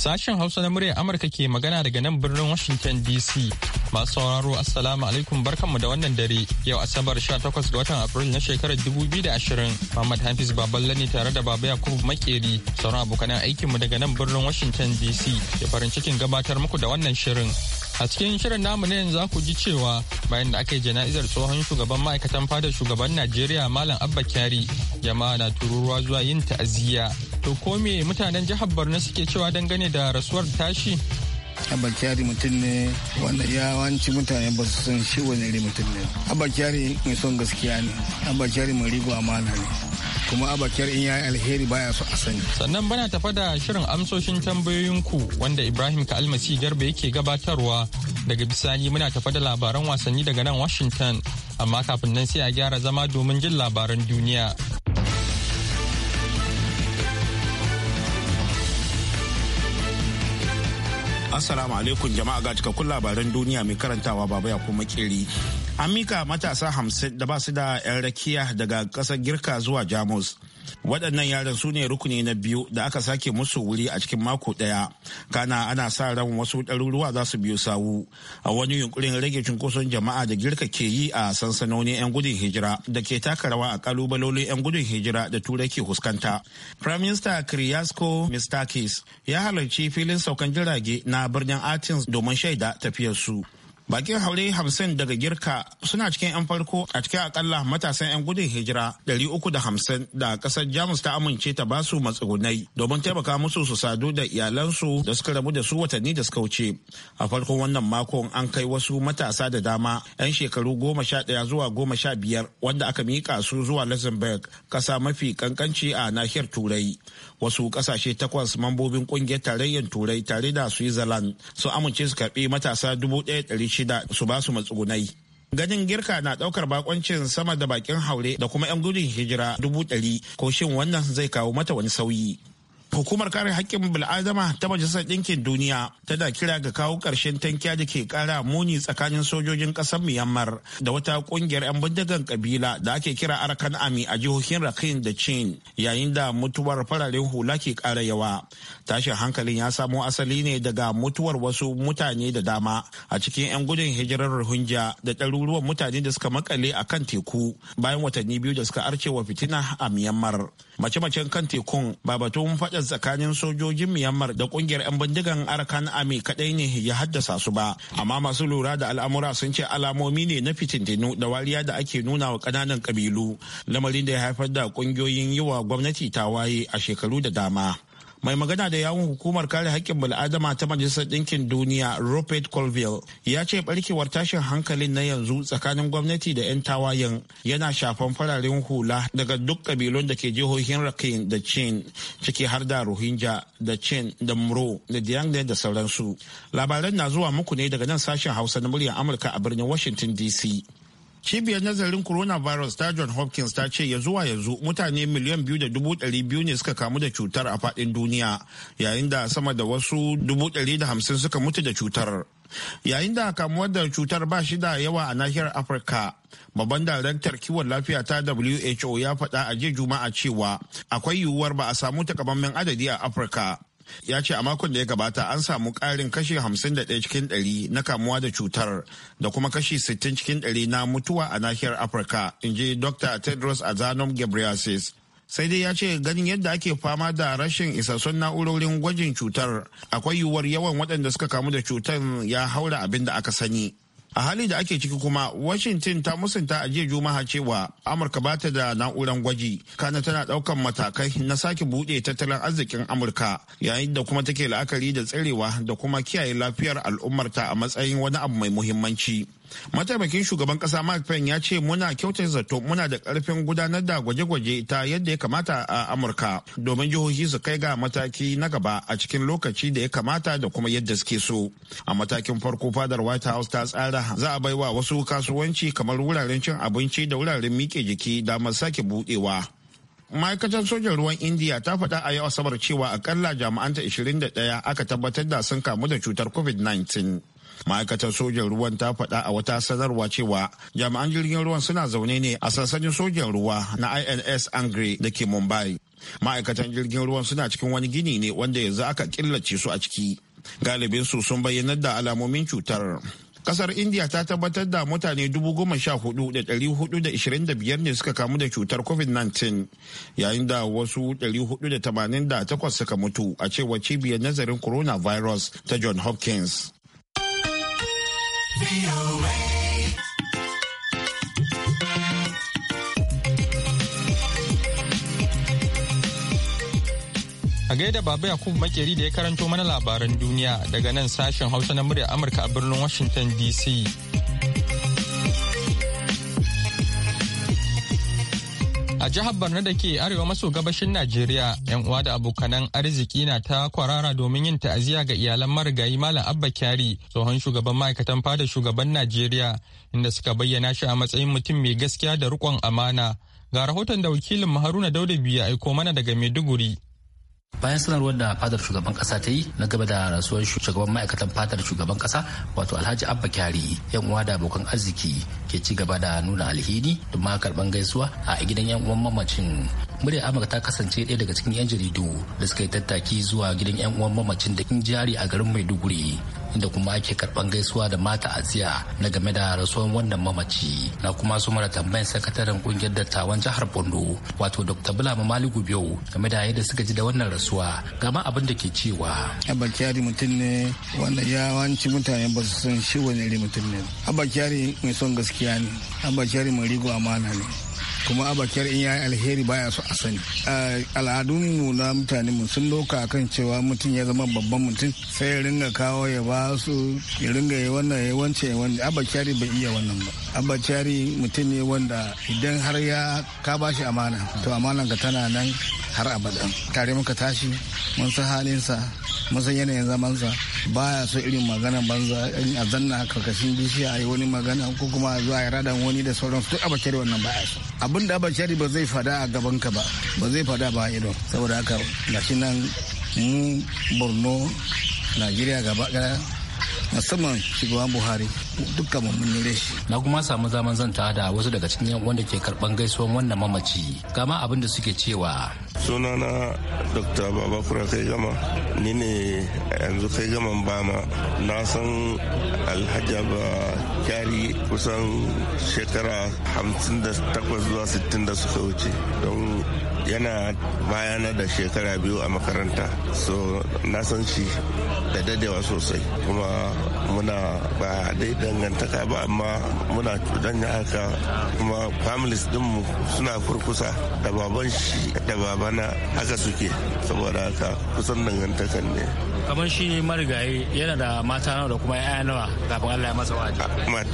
Sashen Hausa na muryar Amurka ke magana daga nan birnin Washington DC. Masu sauraro Assalamu alaikum barkanmu da wannan dare yau Asabar 18 ga watan Afrilu na shekarar 2020. Muhammad Hafiz Baballe ne tare da Baba Yakubu Makeri sauran abokan aikinmu daga nan birnin Washington DC da farin cikin gabatar muku da wannan shirin. A cikin shirin namu ne za ku ji cewa bayan da aka yi jana'izar tsohon shugaban ma'aikatan fadar shugaban Najeriya Malam Abba Kyari jama'a na tururuwa zuwa yin ta'aziyya To ko me mutanen jihar Borno suke cewa dangane da rasuwar tashi? abakiyari mutum ne wanda yawanci mutane ba su san shi wani ne mutum ne abakiyari mai son gaskiya ne abakiyari mai rigo amana ne kuma abakiyar in yayi alheri baya so a sani sannan bana tafa da shirin amsoshin tambayoyinku wanda ibrahim ka almasi garba yake gabatarwa daga bisani muna tafa da labaran wasanni daga nan washington amma kafin nan sai a gyara zama domin jin labaran duniya Assalamu alaikum jama'a ga cikakkun labaran duniya mai karantawa baba ya kuma kiri. An mika matasa hamsin da ba su da 'yan rakiya daga ƙasar Girka zuwa Jamus waɗannan yaran su ne rukuni na biyu da aka sake musu wuri a cikin mako ɗaya kana ana sa ran wasu ɗaruruwa za su biyo sawu a wani yunkurin rage cunkoson jama'a da girka ke yi a sansanoni 'yan gudun hijira da ke taka rawa a kalubalolin 'yan gudun hijira da turai ke fuskanta prime minister kiriyasko mistakis ya halarci filin saukan jirage na birnin athens domin shaida tafiyarsu bakin haure hamsin daga girka suna cikin 'yan farko a cikin akalla matasan 'yan gudun hijira uku da hamsin da kasar jamus ta amince ta basu matsugunai domin taimaka musu su sadu da iyalansu da suka rabu da su watanni da suka wuce a farkon wannan makon an kai wasu matasa da dama 'yan shekaru goma sha 11 zuwa sha biyar wanda aka miƙa su zuwa luxembourg ƙasa mafi kankanci a nahiyar turai wasu ƙasashe takwas mambobin ƙungiyar tarayyar turai tare da switzerland su amince su karɓi matasa dubu 1,600 shida su ba su matsugunai. Ganin girka na ɗaukar bakoncin sama da bakin haure da kuma 'yan gudun hijira dubu ɗari ko shin wannan zai kawo mata wani sauyi. Hukumar kare haƙƙin bil'adama ta Majalisar Ɗinkin Duniya tana kira ga kawo ƙarshen tankiya da ke ƙara muni tsakanin sojojin ƙasar Myanmar da wata ƙungiyar 'yan bindigan ƙabila da ake kira Arakan Ami a jihohin Rakhine da Chin yayin da mutuwar fararen hula ke ƙara yawa. Tashin hankalin ya samo asali ne daga mutuwar wasu mutane da dama a cikin 'yan gudun hijirar Rohingya da ɗaruruwan mutane da suka makale a kan teku bayan watanni biyu da suka arcewa fitina a Myanmar. Mace-macen kan tekun ba batun faɗa faɗar tsakanin sojojin Myanmar da kungiyar 'yan bindigan Arakan Army kaɗai ne ya haddasa su ba. Amma masu lura da al'amura sun ce alamomi ne na fitintinu da wariya da ake nuna wa ƙananan ƙabilu, lamarin da ya haifar da ƙungiyoyin yiwa gwamnati ta waye a shekaru da dama. mai magana da yawun hukumar kare haƙƙin bil'adama ta majalisar ɗinkin duniya rupert colville ya ce barkewar tashin hankalin na yanzu tsakanin gwamnati da 'yan tawayen yana shafan fararen hula daga duk ƙabilun da ke jihohin rakhine da chin ciki har da rohingya da chin da muro da diangle da sauransu labaran na zuwa muku ne daga nan sashen hausa na muryar amurka a birnin washington dc cibiyar nazarin coronavirus ta john hopkins ta ce ya zuwa yanzu mutane miliyan biyu da dubu ɗari biyu ne suka kamu da cutar a faɗin duniya yayin da sama da wasu dubu ɗari da hamsin suka mutu da cutar yayin da kamuwar da cutar ba shi da yawa a nahiyar afirka babban daraktar kiwon lafiya ta who ya faɗa a jiya juma'a cewa akwai yiwuwar ba a samu takamammen adadi a afirka ya ce a makon da ya gabata an samu ƙarin kashi 51 cikin 100 na kamuwa da cutar da kuma kashi 60 cikin 100 na mutuwa a nahiyar afirka in ji dr tedros adhanom ghebreyesus sai dai ya ce ganin yadda ake fama da rashin isassun na'urorin gwajin cutar akwai yiwuwar yawan waɗanda suka kamu da cutar ya haura abin da aka sani a hali da ake ciki kuma washington ta musanta a jiya juma'a cewa amurka ba ta da na'urar gwaji kana tana daukan matakai na sake buɗe tattalin arzikin amurka yayin da kuma take la'akari da tsarewa da kuma kiyaye lafiyar al'ummarta a matsayin wani abu mai muhimmanci mataimakin shugaban kasa mike pence ya ce muna kyautar zato muna da karfin gudanar da gwaje-gwaje ta yadda ya kamata a amurka domin jihohi su kai ga mataki na gaba a cikin lokaci da ya kamata da kuma yadda suke so a matakin farko fadar white house ta tsara za a baiwa wasu kasuwanci kamar wuraren cin abinci da wuraren miƙe jiki damar sake budewa ma'aikatar sojan ruwan india ta faɗa a yau asabar cewa akalla jami'anta 21 aka tabbatar da sun kamu da cutar covid-19 ma'aikatar sojan ruwan ta faɗa a wata sanarwa cewa jami'an jirgin ruwan suna zaune ne a sansanin sojan ruwa na ins angre da ke mumbai ma'aikatan jirgin ruwan suna cikin wani gini ne wanda yanzu aka killace su a ciki galibin su sun bayyana da alamomin cutar kasar india ta tabbatar da mutane 14,425 ne suka kamu da cutar covid-19 yayin da wasu 488 suka mutu a cewar cibiyar nazarin coronavirus ta john hopkins A gaida Baba Yakubu Makeri da ya karanto mana labaran duniya daga nan sashen Hausa na murya Amurka a birnin Washington DC. jihar Borno da ke arewa maso gabashin Najeriya, 'yan uwa da abokanan arziki na ta kwarara domin yin ta'aziyya ga iyalan marigayi Malam Abba Kyari, tsohon shugaban ma'aikatan fada shugaban Najeriya, inda suka bayyana shi a matsayin mutum mai gaskiya da riƙon amana. Ga rahoton da wakilin maharuna Dauda ya aiko mana daga Maiduguri. bayan sanarwar da fadar shugaban kasa ta yi na gaba da rasuwar shugaban ma'aikatan fadar shugaban kasa wato alhaji abba kyari yan uwa da abokan arziki ke ci gaba da nuna alhini da makar karban gaisuwa a gidan yan uwan mamacin murya amurka ta kasance ɗaya daga cikin 'yan jaridu da suka yi tattaki zuwa gidan 'yan uwan mamacin da jari a garin maiduguri inda kuma ake karban gaisuwa da mata aziya na game da rasuwan wannan mamaci na kuma su mara tambayan sakataren kungiyar dattawan jihar bondo wato dr bulama maligu biyu game da yadda suka ji da wannan rasuwa ga ma abin da ke cewa abakiyari mutum ne wanda yawanci mutane ba su san shi wani mutum ne abakiyari mai son gaskiya ne abakiyari mai rigo amana ne kuma abakiyar in yayi alheri baya so a sani mu na mutane mu sun doka kan cewa mutum ya zama babban mutum sai ya ringa kawo ya ba su ya ringa yi wannan ya wance ya wanda abakiyar bai iya wannan ba abakiyar mutum ne wanda idan har ya ka ba shi amana to amanan ka tana nan har abada tare muka tashi mun san halinsa mun san yanayin zamansa baya so irin magana banza irin a zanna karkashin bishiya a yi wani magana ko kuma zuwa ya radan wani da sauransu duk abakiyar wannan baya so abin da ban shari ba zai fada a gaban ka ba ba zai fada ba ido saboda haka gashi nan mu borno nigeria gaba musamman shugaban buhari dukkan mun yi shi na kuma samu zaman zanta da wasu daga cikin yan wanda ke karban gaisuwan wannan mamaci kama abin da suke cewa sunana dr babakura kai gama ni ne yanzu kai ba bama na san alhaji ba kyari kusan shekara 58 zuwa 60 da suka wuce don yana bayana da shekara biyu a makaranta so na san shi da dadewa sosai kuma muna ba dai dangantaka ba amma muna ya haka kuma families dinmu suna kurkusa da baban shi da babana haka suke saboda haka kusan dangantakan ne kamar shi marigayi yana da mata nawa da kuma yaya nawa kafin Allah ya masa waje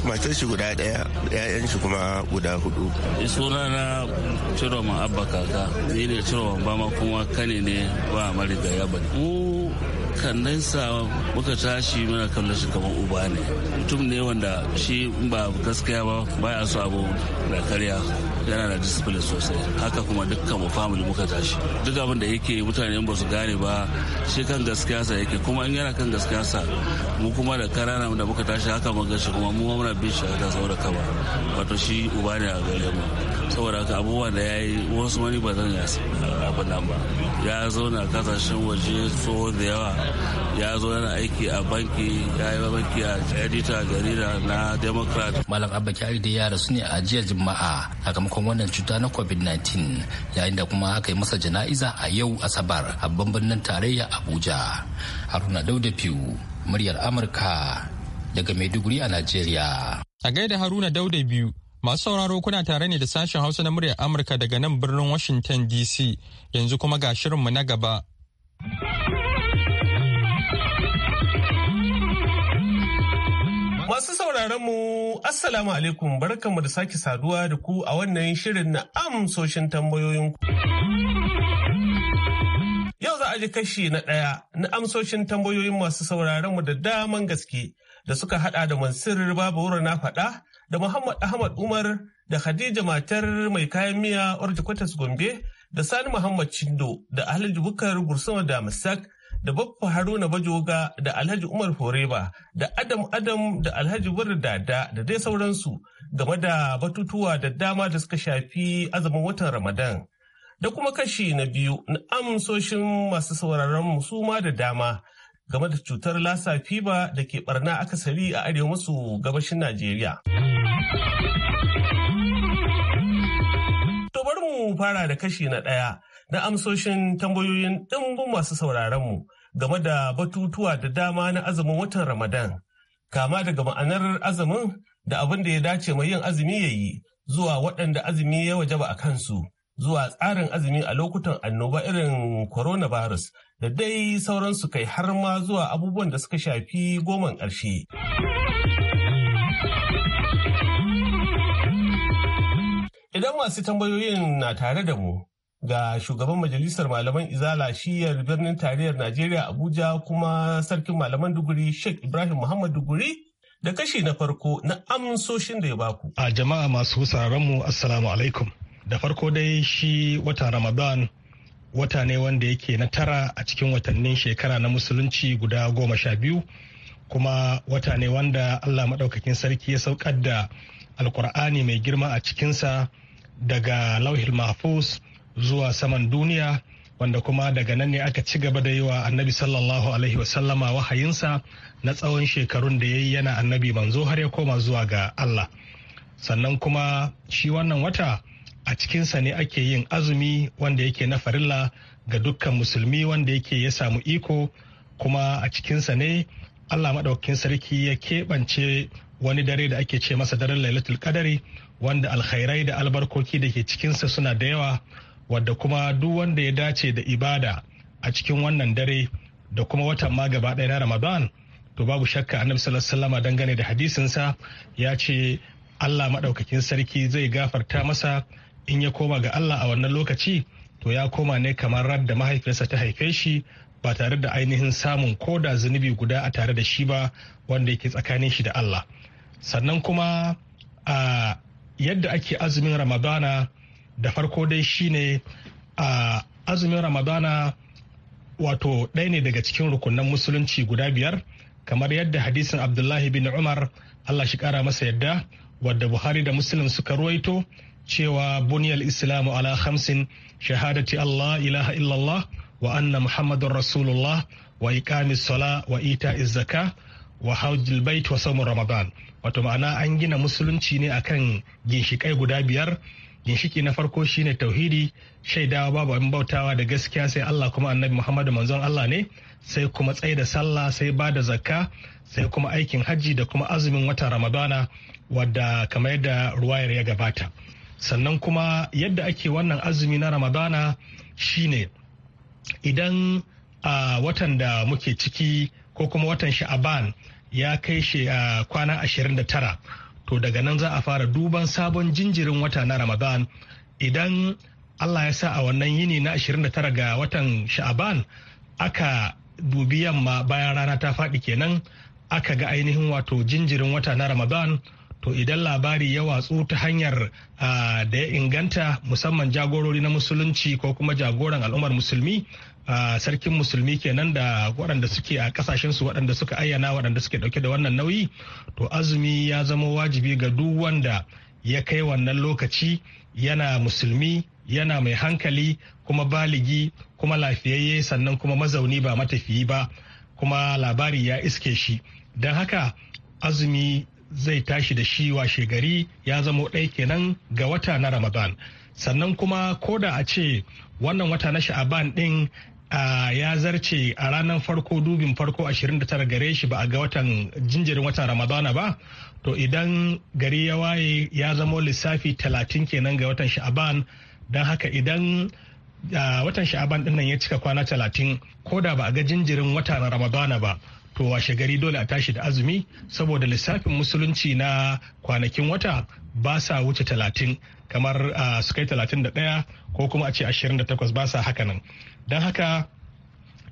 matar shi guda daya yayan shi kuma guda hudu suna na ciroma abba kaka ni ne ciroma ba ma kuma kane ne ba marigayi ba mu sa muka tashi muna kalla shi kamar uba ne mutum ne wanda shi ba gaskiya ba ya so abu da karya yana da discipline sosai haka kuma dukkan mu family muka tashi duk abin da yake mutane ba su gane ba shi kan gaskiya sa yake kuma in yana kan gaskiya sa mu kuma da karana da muka tashi haka mun shi kuma mu muna bin shi haka saboda kaba wato shi uba ne a gare mu saboda haka abubuwan da yayi wasu wani ba zan abin nan ba ya zauna kasashen waje tsohon da yawa ya zo yana aiki a banki ya yi banki a edita jarida na democrat malam abba kyari da yara su ne a jiya juma'a sakamakon wannan cuta na covid-19 yayin da kuma aka yi masa jana'iza a yau asabar a birnin tarayya abuja haruna dauda biyu muryar amurka daga maiduguri a nigeria. a gaida haruna dauda biyu Masu sauraro kuna tare ne da sashen Hausa na muryar Amurka daga nan birnin Washington DC yanzu kuma ga shirinmu na gaba. Masu sauraron mu Assalamu alaikum barkanmu da sake saduwa da ku a wannan shirin na amsoshin ku Yau za a ji kashi na ɗaya na amsoshin tambayoyin masu sauraron mu da daman gaske da suka hada da Mansur Wura na faɗa da Muhammad Ahmad Umar da Khadija matar mai kayan miya Orji Kwatas Gombe da Sani Muhammad Chindo da Alhaji Bukar Gursuma da Masak da Baffa Haruna Bajoga da Alhaji Umar Foreba da Adam Adam da Alhaji Bur Dada da dai sauransu game da batutuwa da dama da suka shafi azumin watan Ramadan. Da kuma kashi na biyu na amsoshin masu sauraron su ma da dama game da cutar lasa fiba da ke barna akasari a arewa masu gabashin Najeriya. To bar mu fara da kashi na ɗaya na amsoshin tambayoyin ɗimbin masu sauraronmu. mu. game da batutuwa da dama na azumin watan Ramadan, kama daga ma'anar azumin da abin da ya dace mai yin azumi ya yi zuwa waɗanda azumi ya wajaba a kansu, zuwa tsarin azumi a lokutan annoba irin coronavirus da dai sauransu kai har ma zuwa abubuwan da suka shafi goman ƙarshe. Idan masu tambayoyin na tare da mu, ga shugaban majalisar malaman izala shiyar birnin tarayyar najeriya abuja kuma sarkin malaman duguri sheikh ibrahim muhammad duguri da kashi na farko na amsoshin da ya baku a jama'a masu mu assalamu alaikum da farko dai shi wata ramadan wata ne wanda yake na tara a cikin watannin shekara na musulunci guda goma sha biyu kuma wata ne wanda allah maɗaukakin sarki ya saukar da alkur'ani mai girma a cikinsa daga lauhil mahfuz zuwa saman duniya wanda kuma daga nan ne aka ci gaba da yi wa annabi sallallahu alaihi wasallama wahayinsa na tsawon shekarun da ya yi yana annabi manzo har ya koma zuwa ga Allah sannan kuma shi wannan wata a cikinsa ne ake yin azumi wanda yake na farilla ga dukkan musulmi wanda yake ya samu iko kuma a cikinsa ne Allah maɗaukakin sarki ya keɓance wani dare da ake ce masa daren lailatul kadari wanda alkhairai da albarkoki da ke cikinsa suna da yawa wadda kuma duk wanda ya dace da ibada a cikin wannan dare da kuma watan ma gaba ɗaya na ramadan to babu shakka annabi sallallahu dangane da hadisinsa ya ce allah maɗaukakin sarki zai gafarta masa in ya koma ga allah a wannan lokaci to ya koma ne kamar radda mahaifiyarsa ta haife shi ba tare da ainihin samun koda zunubi guda a tare da shi ba wanda yake tsakanin shi da allah sannan kuma a yadda ake azumin ramadana da farko dai shine a azumin ramadana wato ɗaya ne daga cikin rukunan musulunci guda biyar kamar yadda hadisin abdullahi bin umar allah shi kara masa yadda wadda buhari da muslim suka ruwaito cewa buniyal islamu ala hamsin shahadati allah ilaha illallah wa anna muhammadun rasulullah wa ikami sala wa ita izaka wa hajjil bait wa saumin ramadan wato ma'ana an gina musulunci ne akan ginshikai guda biyar ginshiki na farko shine tauhidi shaidawa babu abin bautawa da gaskiya sai Allah kuma annabi Muhammadu manzon Allah ne sai kuma tsaye da sallah sai ba da zakka sai kuma aikin hajji da kuma azumin watan ramadana wadda kamar yadda ruwayar ya gabata sannan kuma yadda ake wannan azumi na ramadana shine idan a watan da muke ciki ko kuma watan sha'aban ya kai shi a kwana 29 to daga nan za a fara duban sabon jinjirin wata na ramadan idan allah ya sa a wannan yini na 29 ga watan sha'aban aka dubi yamma bayan rana ta faɗi kenan aka ga ainihin wato jinjirin wata na ramadan to idan labari ya watsu ta hanyar ah, da ya inganta musamman jagorori na musulunci ko kuma jagoran al'ummar musulmi sarkin musulmi kenan da waɗanda suke a su waɗanda suka ayyana waɗanda suke ɗauke da wannan nauyi to azumi ya zama wajibi ga duk wanda ya kai wannan lokaci yana musulmi yana mai hankali kuma baligi kuma lafiyayye sannan kuma mazauni ba matafiyi ba kuma labari ya iske shi don haka azumi zai tashi da shi washe gari ya zamo ɗai kenan ga wata na ramadan sannan kuma koda a ce wannan wata na sha'aban din ya zarce a ranar farko dubin farko 29 gare shi ba a ga watan jinjirin wata ramadana ba to idan gari ya waye ya zamo lissafi 30 kenan ga watan sha'aban don haka idan watan sha'aban din nan ya cika kwana 30 ko da ba a ga jinjirin watan ramadana ba to washe gari dole a tashi da azumi saboda lissafin musulunci na kwanakin wata ba sa wuce talatin kamar su kai 31 ko kuma a ce 28 ba sa haka nan don haka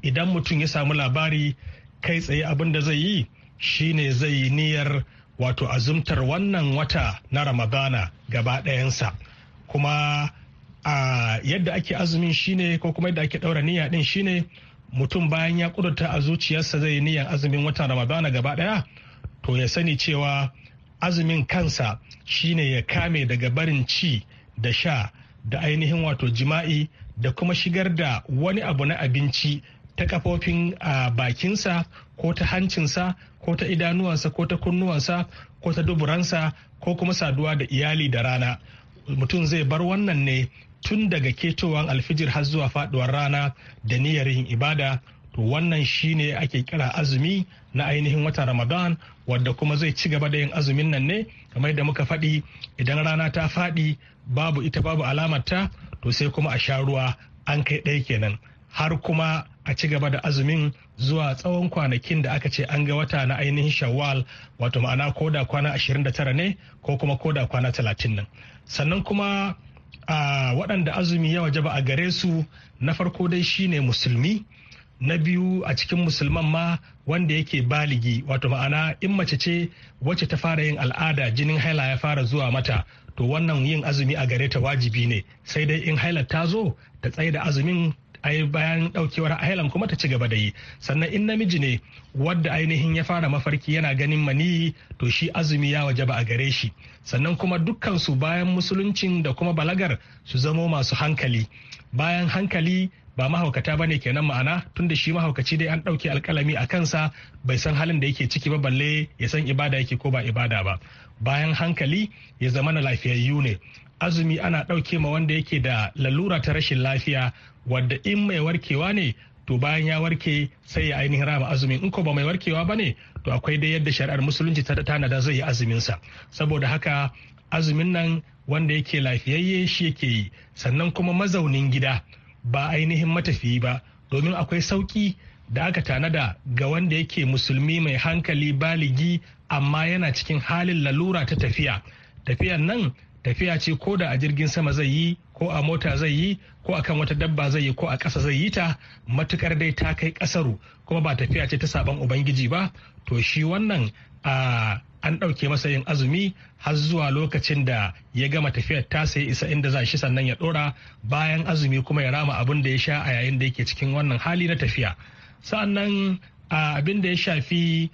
idan mutum ya samu labari kai tsaye abin da zai yi shine zai yi niyyar wato azumtar wannan wata na ramadana gaba ɗayansa kuma a yadda ake azumin shine ko kuma yadda ake ɗaura niyya ɗin shine mutum bayan ya kudurta a zuciyarsa zai yi niyyar azumin watan ramadana gaba ɗaya to ya sani cewa azumin kansa shine ya kame daga barin ci da sha da ainihin wato jima'i da kuma shigar da wani abu na abinci ta kafofin a bakinsa ko ta hancinsa ko ta idanuwansa ko ta kunnuwansa ko ta duburansa ko kuma saduwa da iyali da rana mutum zai bar wannan ne tun daga ketowar alfijir har zuwa faduwar rana da niyyar yin ibada to wannan shine ake kira azumi na ainihin wata ramadan wadda kuma zai ci gaba da yin azumin nan ne kamar yadda muka faɗi idan rana ta faɗi babu ita babu alamarta to sai kuma a sha ruwa an kai ɗaya kenan har kuma a ci gaba da azumin zuwa tsawon kwanakin da aka ce an ga wata na ainihin shawwal wato ma'ana koda kwana 29 ne ko kuma koda kwana 30 nan sannan kuma a waɗanda azumi ya wajaba a gare su na farko dai shine musulmi na biyu a cikin musulman ma wanda yake baligi wato ma'ana in mace ce wacce ta fara yin al'ada jinin haila ya fara zuwa mata to wannan yin azumi a gare ta wajibi ne sai dai in haila ta zo ta tsaye da azumin ai bayan daukewar hailan kuma ta ci gaba da yi sannan in namiji ne wadda ainihin ya fara mafarki yana ganin maniyi to shi azumi ya wajaba a gare shi sannan kuma dukkan su bayan musuluncin da kuma balagar su zamo masu hankali bayan hankali ba mahaukata ba ne kenan ma'ana tunda shi mahaukaci dai an ɗauki alƙalami a kansa bai san halin da yake ciki ba balle ya san ibada yake ko ba ibada ba bayan hankali ya zama na lafiyayyu ne azumi ana ɗauke ma wanda yake da lalura ta rashin lafiya wadda in mai warkewa ne to bayan ya warke sai ya ainihin rama azumi in ko ba mai warkewa ba ne to akwai dai yadda shari'ar musulunci ta tanada zai yi azuminsa saboda haka azumin nan wanda yake lafiyayye shi yake yi sannan kuma mazaunin gida ba ainihin matafiyi ba domin akwai sauki da aka tanada ga wanda yake musulmi mai hankali baligi amma yana cikin halin lalura ta tafiya tafiyan nan tafiya ce ko da a jirgin sama zai yi ko a mota zai yi ko a kan wata dabba zai yi ko a ƙasa zai yi ta matukar dai ta kai ƙasaru kuma ba tafiya ce ta saban ubangiji ba to shi wannan a an ɗauke masa yin azumi har zuwa lokacin da ya gama tafiyar ta sai isa inda za shi sannan ya ɗora bayan azumi kuma ya rama abin da ya sha a yayin da yake cikin wannan hali na tafiya sa'annan abin da ya shafi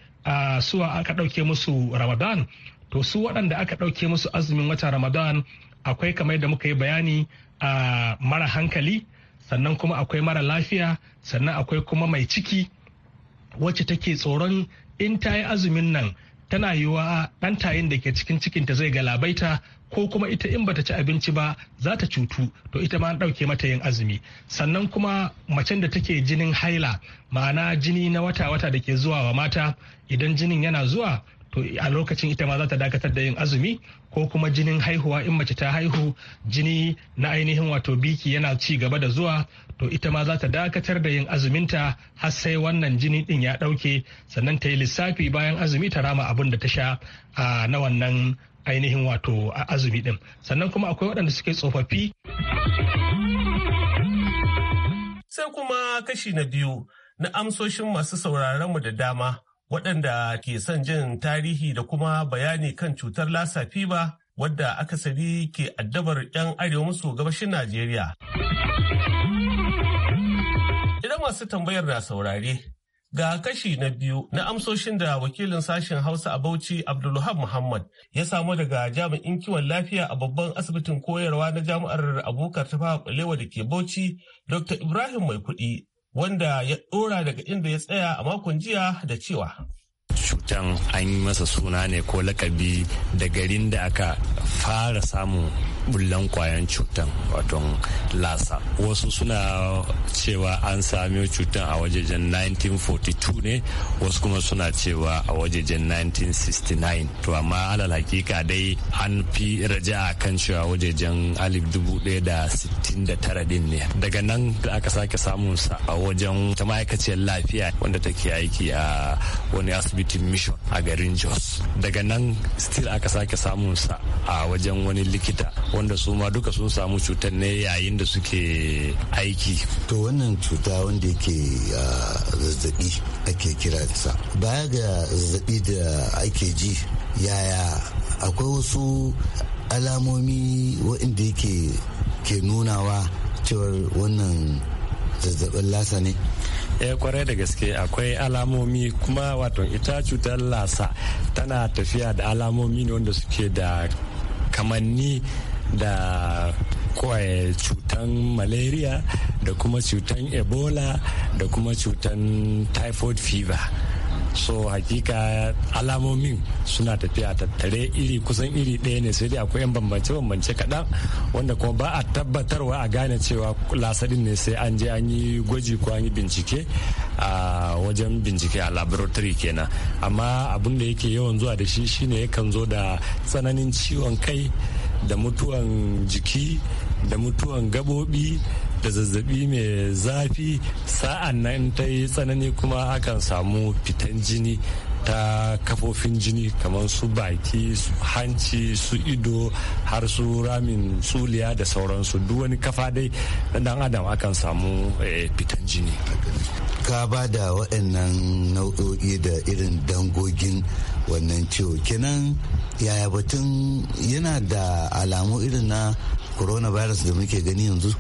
suwa aka ɗauke musu ramadan to su waɗanda aka ɗauke musu azumin watan ramadan akwai kamar da muka yi bayani a mara hankali sannan kuma akwai mara lafiya sannan akwai kuma mai ciki wacce take tsoron in ta yi azumin nan tana yiwuwa ɗan tayin da ke cikin cikinta zai galabaita ko kuma ita in bata ci abinci ba za ta cutu to ita ma an ɗauke mata yin azumi sannan kuma macen da take jinin haila ma'ana jini na wata-wata da ke zuwa wa mata idan jinin yana zuwa to a lokacin ita ma za ta dakatar da yin azumi ko kuma jinin haihuwa in mace ta haihu jini na ainihin wato biki yana ci gaba da zuwa to ita ma za ta dakatar da yin azuminta har sai wannan jini din ya dauke sannan ta yi lissafi bayan azumi ta rama abin da ta sha a na wannan ainihin wato azumi din sannan kuma akwai waɗanda suke tsofaffi sai kuma kashi na biyu na amsoshin masu sauraron mu da dama waɗanda ke son jin tarihi da kuma bayani kan cutar lasa fiba wadda aka akasari ke addabar 'yan arewa maso gabashin Najeriya. Idan masu tambayar na saurare, ga kashi na biyu na amsoshin da wakilin sashen Hausa a Bauchi Abdulhab Muhammad ya samu daga jami'in kiwon lafiya a babban asibitin koyarwa na jami'ar abokar tafa da ke Bauchi Dr. Ibrahim Maikuɗi wanda ya ɗora daga inda ya tsaya a makon jiya da cewa cutan an yi masa suna ne ko lakabi da garin da aka fara samun bullan kwayan cutan wato lasa wasu suna cewa an sami cutan a wajejen 1942 ne wasu kuma suna cewa a wajejen 1969 to amma alal hakika dai an fi raja a kan cewa wajejen 1969 din ne daga nan da aka sake samun sa a wajen ta ma'aikaciyar lafiya wanda take aiki a wani asibitin mission a garin jos daga nan still aka sake samun sa a wajen wani likita wanda su ma duka sun samu cutar ne yayin da suke aiki to wannan cuta wanda yake zazzabi ake kiransa baya ga zazzabi da ake ji yaya akwai wasu alamomi waɗanda yake ke nunawa cewar wannan zazzabin lasa ne ya eh, kwarai da gaske akwai alamomi kuma wato ita cutar lasa tana tafiya da alamomi ne wanda suke da kamanni da cutan malaria da kuma cutan ebola da kuma cutan typhoid fever so hakika alamomin suna tafiya tattare iri kusan iri ɗaya ne sai dai akwai 'yan bambance-bambance kaɗan wanda kuma ba a tabbatarwa a gane cewa lasadin ne sai an je an yi gwaji ko an yi bincike a wajen bincike a laboratory kenan amma abin da yake yawan zuwa da shi shine yakan zo da tsananin ciwon kai da mutuwan jiki da mutuwan gabobi da zazzabi mai zafi sa'an nan ta yi tsanani kuma akan samu fitan jini ta kafofin jini kamar su baki su hanci su ido har su ramin tsuliya da sauransu duk wani kafa dai na dan adam akan samu eh, fitan jini ka ba da waɗannan nau'o'i da irin dangogin wannan ciwo kenan yaya batun yana da alamu irin na coronavirus da muke gani yanzu?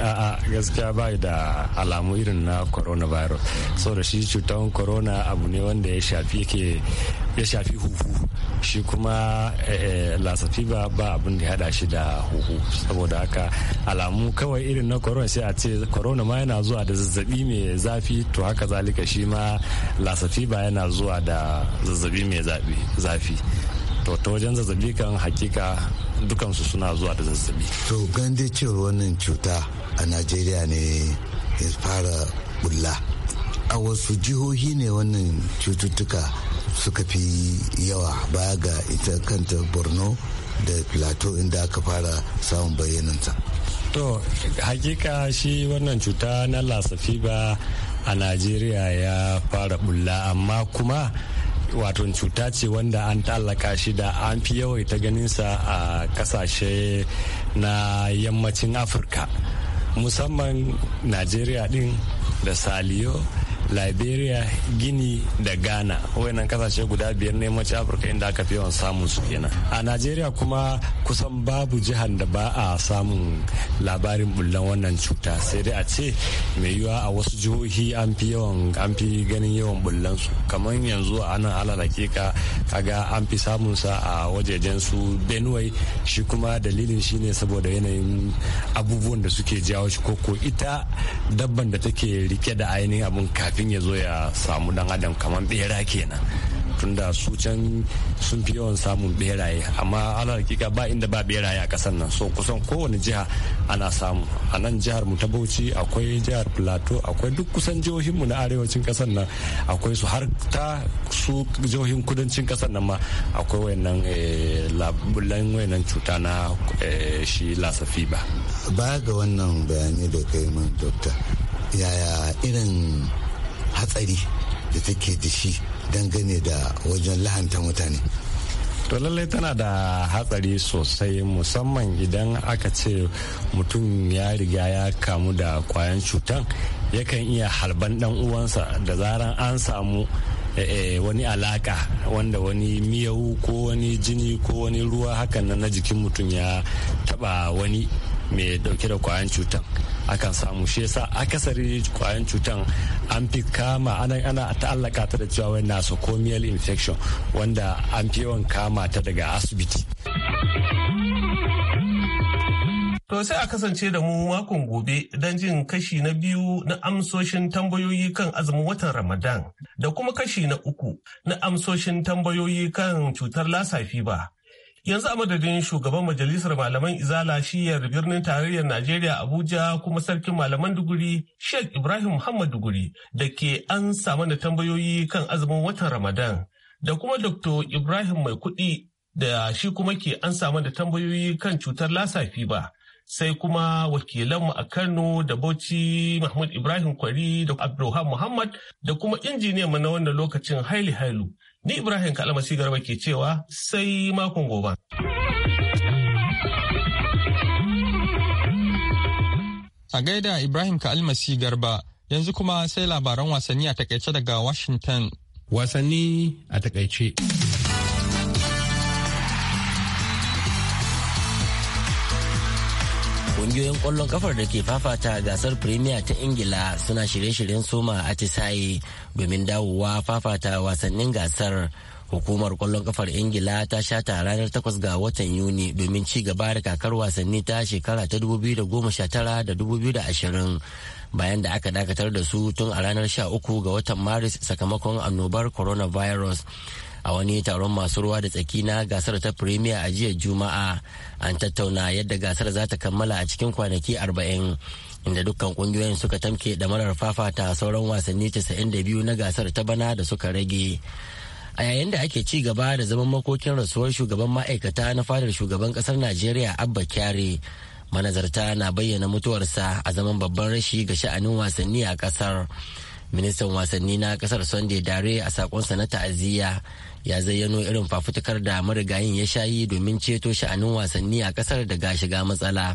A'a gaskiya ba da alamu irin na coronavirus. da shi cutar corona abu ne wanda ya shafi ke ya shafi huhu shi kuma eh, eh, lasafi ba ba abin da ya hada shi da huhu saboda haka alamu kawai irin na corona sai a ce corona ma yana zuwa da zazzabi mai zafi to haka zalika shi ma lasafi ba yana zuwa da zazzabi mai zafi to ta wajen zazzabi kan hakika dukansu suna zuwa da zazzabi to gan dai wannan cuta a najeriya ne ya fara bulla a wasu jihohi ne wannan cututtuka suka fi yawa baya ga ita kanta borno da plateau inda aka fara samun bayyananta to hakika shi wannan cuta na lasafi ba a najeriya ya fara bulla amma kuma wato cuta ce wanda an tallaka shi da an fi yawai yawaita sa a kasashe na yammacin afirka musamman najeriya din da saliyo liberia gini da ghana wayannan kasashe guda biyar ne mace afirka inda aka fi yawan samun su kenan a nigeria kuma kusan babu jihar da ba a samun labarin bullan wannan cuta sai dai a ce mai yiwuwa a wasu jihohi an fi yawan an fi ganin yawan bullan su kamar yanzu a nan alal hakika kaga an fi samun sa a wajejen su benue shi kuma dalilin shine saboda yanayin abubuwan da suke jawo shi koko ita dabban da take rike da ainihin abun kafi kafin ya zo ya samu dan adam kamar bera kenan tunda su can sun fi yawan samun beraye amma ala hakika ba inda ba beraye a kasar nan so kusan kowane jiha ana samu a nan jihar mu ta bauchi akwai jihar plateau akwai duk kusan jihohin mu na arewacin kasar nan akwai su har ta su jihohin kudancin kasar nan ma akwai wayannan eh, labulan wayannan cuta na eh, shi lasafi ba baya ga wannan bayani da kai man dokta yaya irin hatsari da take da shi dangane da wajen lahanta mutane to lallai tana da hatsari sosai musamman idan aka ce mutum ya riga ya kamu da kwayan cutan yakan iya halban dan uwansa da zaran an samu eh, eh, wani alaka wanda wani miyau ko wani jini ko wani ruwa hakan na jikin mutum ya taba wani mai dauke da kwayan cutan akan samu shi yasa akasari kwayan cutan an fi kama ana ana ta'allaka ta da cewa wai nosocomial infection wanda an fi yawan kama ta daga asibiti To sai a kasance da mu makon gobe don jin kashi na biyu na amsoshin tambayoyi kan azumin watan Ramadan da kuma kashi na uku na amsoshin tambayoyi kan cutar lasa ba. yanzu a madadin shugaban majalisar malaman izala shiyar birnin tarayyar najeriya abuja kuma sarkin malaman duguri sheikh ibrahim muhammad duguri da ke an samu da tambayoyi kan azumin watan ramadan da kuma dr ibrahim mai kuɗi da shi kuma ke an samu da tambayoyi kan cutar lasafi ba sai kuma wakilanmu a Kano da Bauchi Mahmud Ibrahim Kwari da Abdulham Muhammad da kuma injiniyanmu na wannan lokacin Haili Hailu. Ni Ibrahim Kalmasi Garba ke cewa sai makon gobe. A gaida Ibrahim Kalmasi Garba yanzu kuma sai labaran wasanni a takaice daga Washington. Wasanni a takaice. Ƙungiyoyin ƙwallon kafar da ke fafata gasar Premier ta Ingila suna shirye-shiryen soma a Tisaye domin dawowa fafata wasannin gasar. Hukumar kwallon kafar Ingila ta shata ranar 8 ga watan Yuni domin ci gaba da kakar wasanni ta shekara ta 2019 da 2020. bayan da aka dakatar da su tun a ranar 13 ga watan maris sakamakon annobar coronavirus a wani taron masu ruwa da tsaki na gasar ta premier a jiya juma'a an tattauna yadda gasar za ta kammala a cikin kwanaki 40 inda dukkan kungiyoyin suka tamke da marar fafata sauran wasanni 92 na gasar ta bana da suka rage a yayin da ake ci gaba da zaman makokin rasuwar shugaban ma'aikata na fadar shugaban kasar najeriya abba kyare manazarta na bayyana mutuwarsa a zaman babban rashi ga sha'anin wasanni a kasar ministan wasanni na kasar sunday dare a sakonsa na ta'aziyya ya zayyano irin fafutukar da marigayin ya sha yi domin ceto sha'anin wasanni a kasar da ga shiga matsala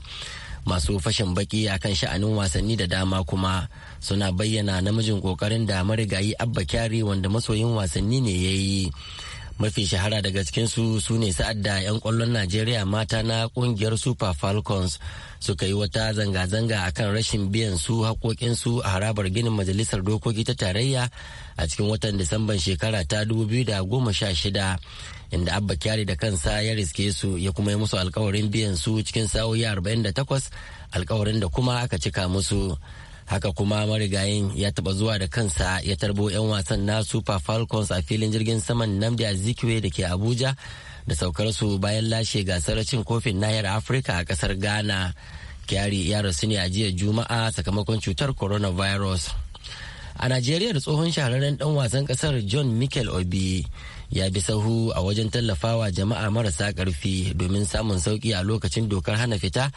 masu fashin baki a kan sha'anin wasanni da dama kuma suna bayyana namijin kokarin da marigayi abba kyari wanda masoyin wasanni ne ya yi mafi shahara daga cikinsu su ne sa'ad da 'yan kwallon najeriya mata na kungiyar super falcons suka yi wata zanga-zanga akan rashin biyan su haƙoƙinsu a harabar ginin majalisar dokoki ta tarayya a cikin watan disamban shekara ta 2016 inda abba kyari da kansa ya riske su ya kuma yi musu alkawarin biyan su cikin sa'o'i 48 alkawarin da kuma aka cika musu haka kuma marigayin ya taba zuwa da kansa ya tarbo 'yan wasan na super falcons a filin jirgin saman namdi azikiwe da ke abuja da saukar su bayan lashe gasar cin kofin nahiyar afirka a kasar ghana kyari ya rasu ne a jiya juma'a sakamakon cutar coronavirus a najeriya da tsohon shahararren dan wasan kasar john michael obi ya bi sahu a wajen tallafawa jama'a marasa karfi domin samun sauki a lokacin dokar hana fita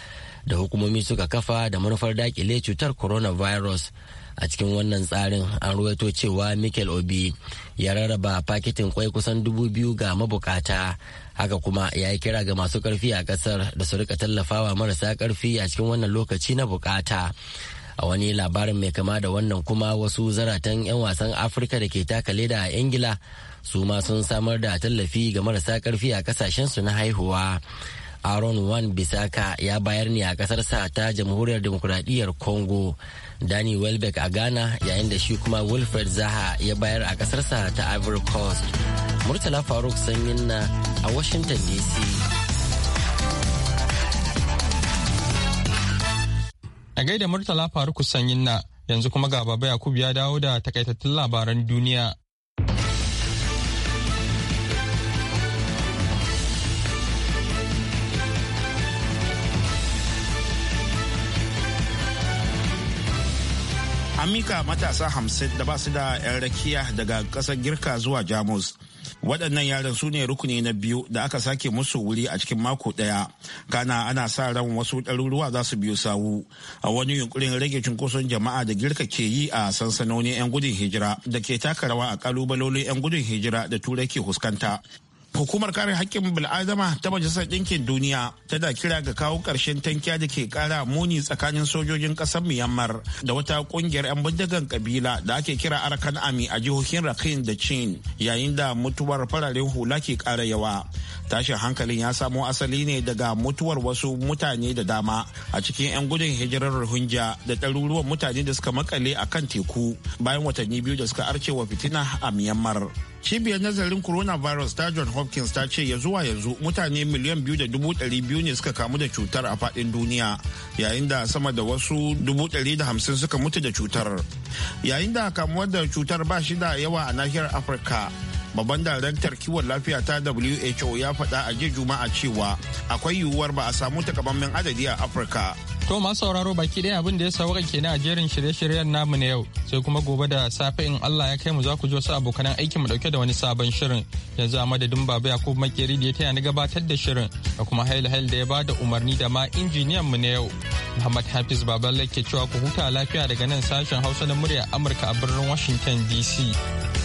da hukumomi suka kafa da manufar dakile cutar coronavirus a cikin wannan tsarin an ruwaito cewa michael obi ya rarraba fakitin kwai kusan dubu biyu ga mabukata haka kuma ya yi kira ga masu karfi a kasar da su rika tallafawa marasa karfi a cikin wannan lokaci na bukata a wani labarin mai kama da wannan kuma wasu zaratan 'yan wasan afirka da ke taka leda a ingila su ma sun samar da tallafi ga marasa karfi a kasashensu na haihuwa aaron wan bisaka ya bayar ne a sa ta jamhuriyar demokuraɗiyyar congo danny welbeck a ghana yayin da shi kuma wilfred zaha ya bayar a ƙasarsa ta ivory coast murtala faruk sanyin na a washington dc A gaida Murtala Faruku Sanyin na yanzu kuma ga Baba Yakubu ya dawo da takaitattun labaran duniya. An mika matasa hamsin da ba su da 'yan rakiya daga ƙasar Girka zuwa Jamus waɗannan yaran su ne rukuni na biyu da aka sake musu wuri a cikin mako ɗaya kana ana sa ran wasu ɗaruruwa za su biyo sawu a wani yunkurin rage cunkoson jama'a da girka ke yi a sansanoni 'yan gudun hijira da ke taka rawa a ƙalubalolin 'yan gudun hijira da turai ke fuskanta hukumar kare haƙƙin bil'adama ta majalisar ɗinkin duniya tana kira ga kawo ƙarshen tankiya da ke ƙara muni tsakanin sojojin ƙasar myanmar da wata ƙungiyar 'yan bindigan kabila da ake kira arakan ami a jihohin rakhine da chin yayin da mutuwar fararen hula ke ƙara yawa tashin hankalin ya samo asali ne daga mutuwar wasu mutane da dama a cikin 'yan gudun hijirar rohingya da ɗaruruwan mutane da suka makale a kan teku bayan watanni biyu da suka arce wa fitina a myanmar cibiyar nazarin coronavirus ta john hopkins ta ce ya zuwa yanzu mutane miliyan biyu da dubu ɗari biyu ne suka kamu da cutar a faɗin duniya yayin da sama da wasu dubu ɗari da hamsin suka mutu da cutar yayin da kamuwar da cutar ba shi da yawa a nahiyar afirka babban daraktar kiwon lafiya ta who ya fada a jiya juma'a cewa akwai yiwuwar ba a samu takamammen adadi a afirka to masu sauraro baki ɗaya abin da ya sauka na a jerin shirye-shiryen namu na yau sai kuma gobe da safe in allah ya kai mu za ku ji wasu abokanan aikin mu dauke da wani sabon shirin yanzu a madadin baba yakubu makeri da ya taya ni gabatar da shirin da kuma hail hail da ya ba da umarni da ma injiniyan mu na yau muhammad hafiz baba ke cewa ku huta lafiya daga nan sashen hausa na murya amurka a birnin washington dc